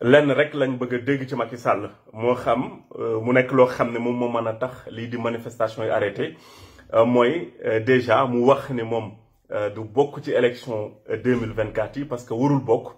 lenn rek lañ bëgg a dégg ci Macky Sall moo xam euh, mu nekk loo xam ne moom moo mën a tax lii di manifestation yi arrêté euh, mooy euh, déjà mu wax ne moom du bokk ci élection 2024 yi parce que warul bokk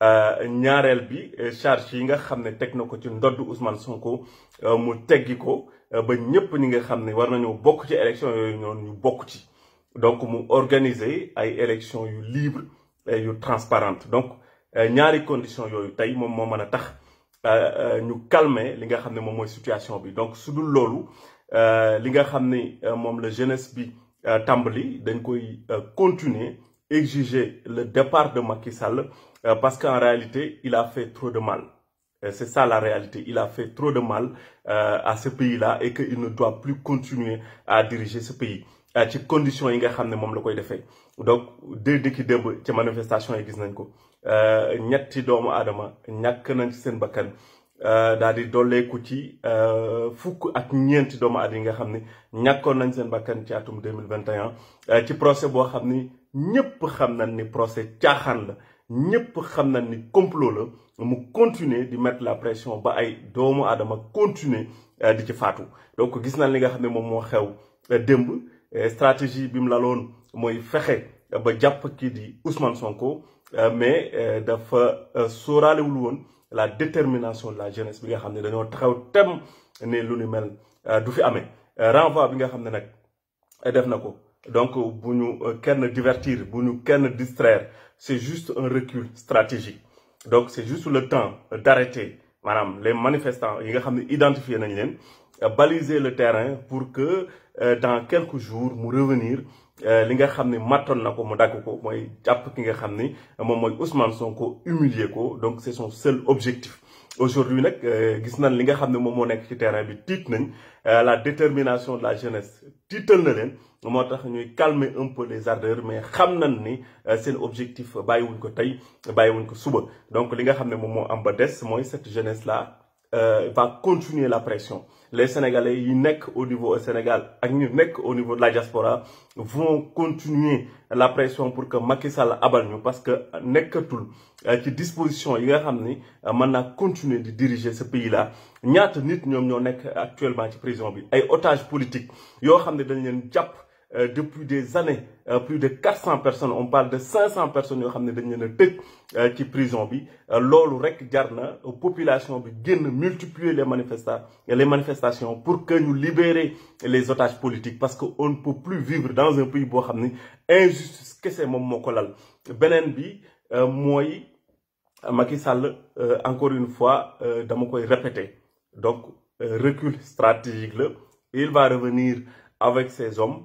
ñaareel bi charge yi nga xam ne teg na ko ci ndodd Ousmane Sonko mu teggi ko ba ñëpp ñi nga xam ne war nañoo bokk ci élection yooyu ñoon ñu bokk ci donc mu organiser ay élection yu libre yu transparente donc euh, il condition yooyu tey moom a tax euh, euh, ñu calmer li nga xamné ne situation bi donc su dul euh li nga xamné mom la jeunesse bi continue dañ exiger le départ de Macky Sall parce qu'en réalité il a fait trop de mal c'est ça la réalité il a fait trop de mal à ce pays-là et qu'il ne doit plus continuer à diriger ce pays ci conditions yi nga a ne la koy defee donc qu'il y a ci manifestation yi gis nañ ko euh, ñetti doomu Adama, ñak nañ ci seen bakkan euh, daal di ku ci euh, fukk ak ñeenti doomu nga nañ seen bakkan ci atum 2021 ci procès bo xamni ñepp xam ni procès tiaxan la ñepp xam complot la mu continuer mettre la pression ba ay doomu continue continuer di ci faatu donc gis nañ li nga xamni mom mo xew stratégie bi mu laloon moy ba japp di Ousmane Sonko euh, mais euh, euh, la détermination la jeunesse bi nga donc divertir distraire c'est juste un recul stratégique donc c'est juste le temps d'arrêter Madame, les manifestants ils nga identifié nañ gens, euh, baliser le terrain pour que euh, dans quelques jours mu revenir euh, li nga mu dag ko Ousmane Sonko humilier donc c'est son seul objectif aujourd'hui nak euh, gis nañ li nga xamné mom mo nek ci terrain bi titre nañ euh, la détermination de la jeunesse Titre na len motax ñuy calmer un peu les ardeurs mais xam nañ ni euh, seen objectif bàyyiwuñ ko tay bàyyiwuñ ko suba donc li nga xamné mom mo am ba des moy cette jeunesse là euh, va continuer la pression. Les Sénégalais, ils au niveau au Sénégal, ils au niveau de la diaspora, vont continuer la pression pour que Macky Sall parce que euh, disposition yi nga euh, continuer de diriger ce pays là Les nit actuellement prison otages politiques euh, depuis des années euh, plus de 400 personnes on parle de 500 personnes qui xamné dañ leen a euh, ci prison bi rek population bi multiplier les les manifestations pour que nous libérer les otages politiques parce qu'on ne peut plus vivre dans un pays bo xamné injustice bi encore une fois dama koy répéter donc recul stratégique il va revenir avec ses hommes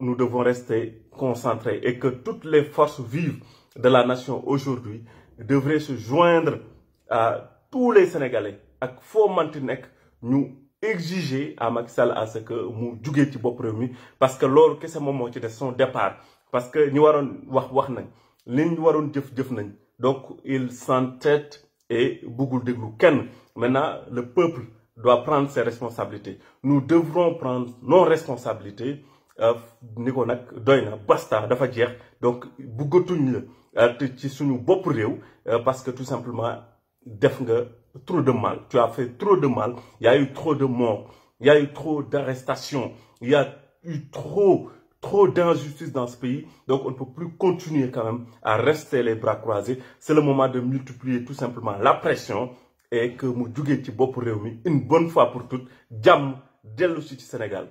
nous devons rester concentrés et que toutes les forces vives de la nation aujourd'hui devraient se joindre à tous les Sénégalais ak foo manti exiger à Macky à ce que nous jugee ci premier parce que lorsque kese moom moment ci son départ parce que ñu waroon wax wax def donc il s'entête et beaucoup de kenn maintenant le peuple doit prendre ses responsabilités nous devrons prendre nos responsabilités euh, basta donc euh, euh, parce que tout simplement trop de mal tu as fait trop de mal il y a eu trop de morts il y a eu trop d'arrestations il y a eu trop trop d'injustice dans ce pays. Donc, on ne peut plus continuer quand même à rester les bras croisés. C'est le moment de multiplier tout simplement la pression et que nous pour une bonne fois pour toutes. Djam, dès le Sénégal.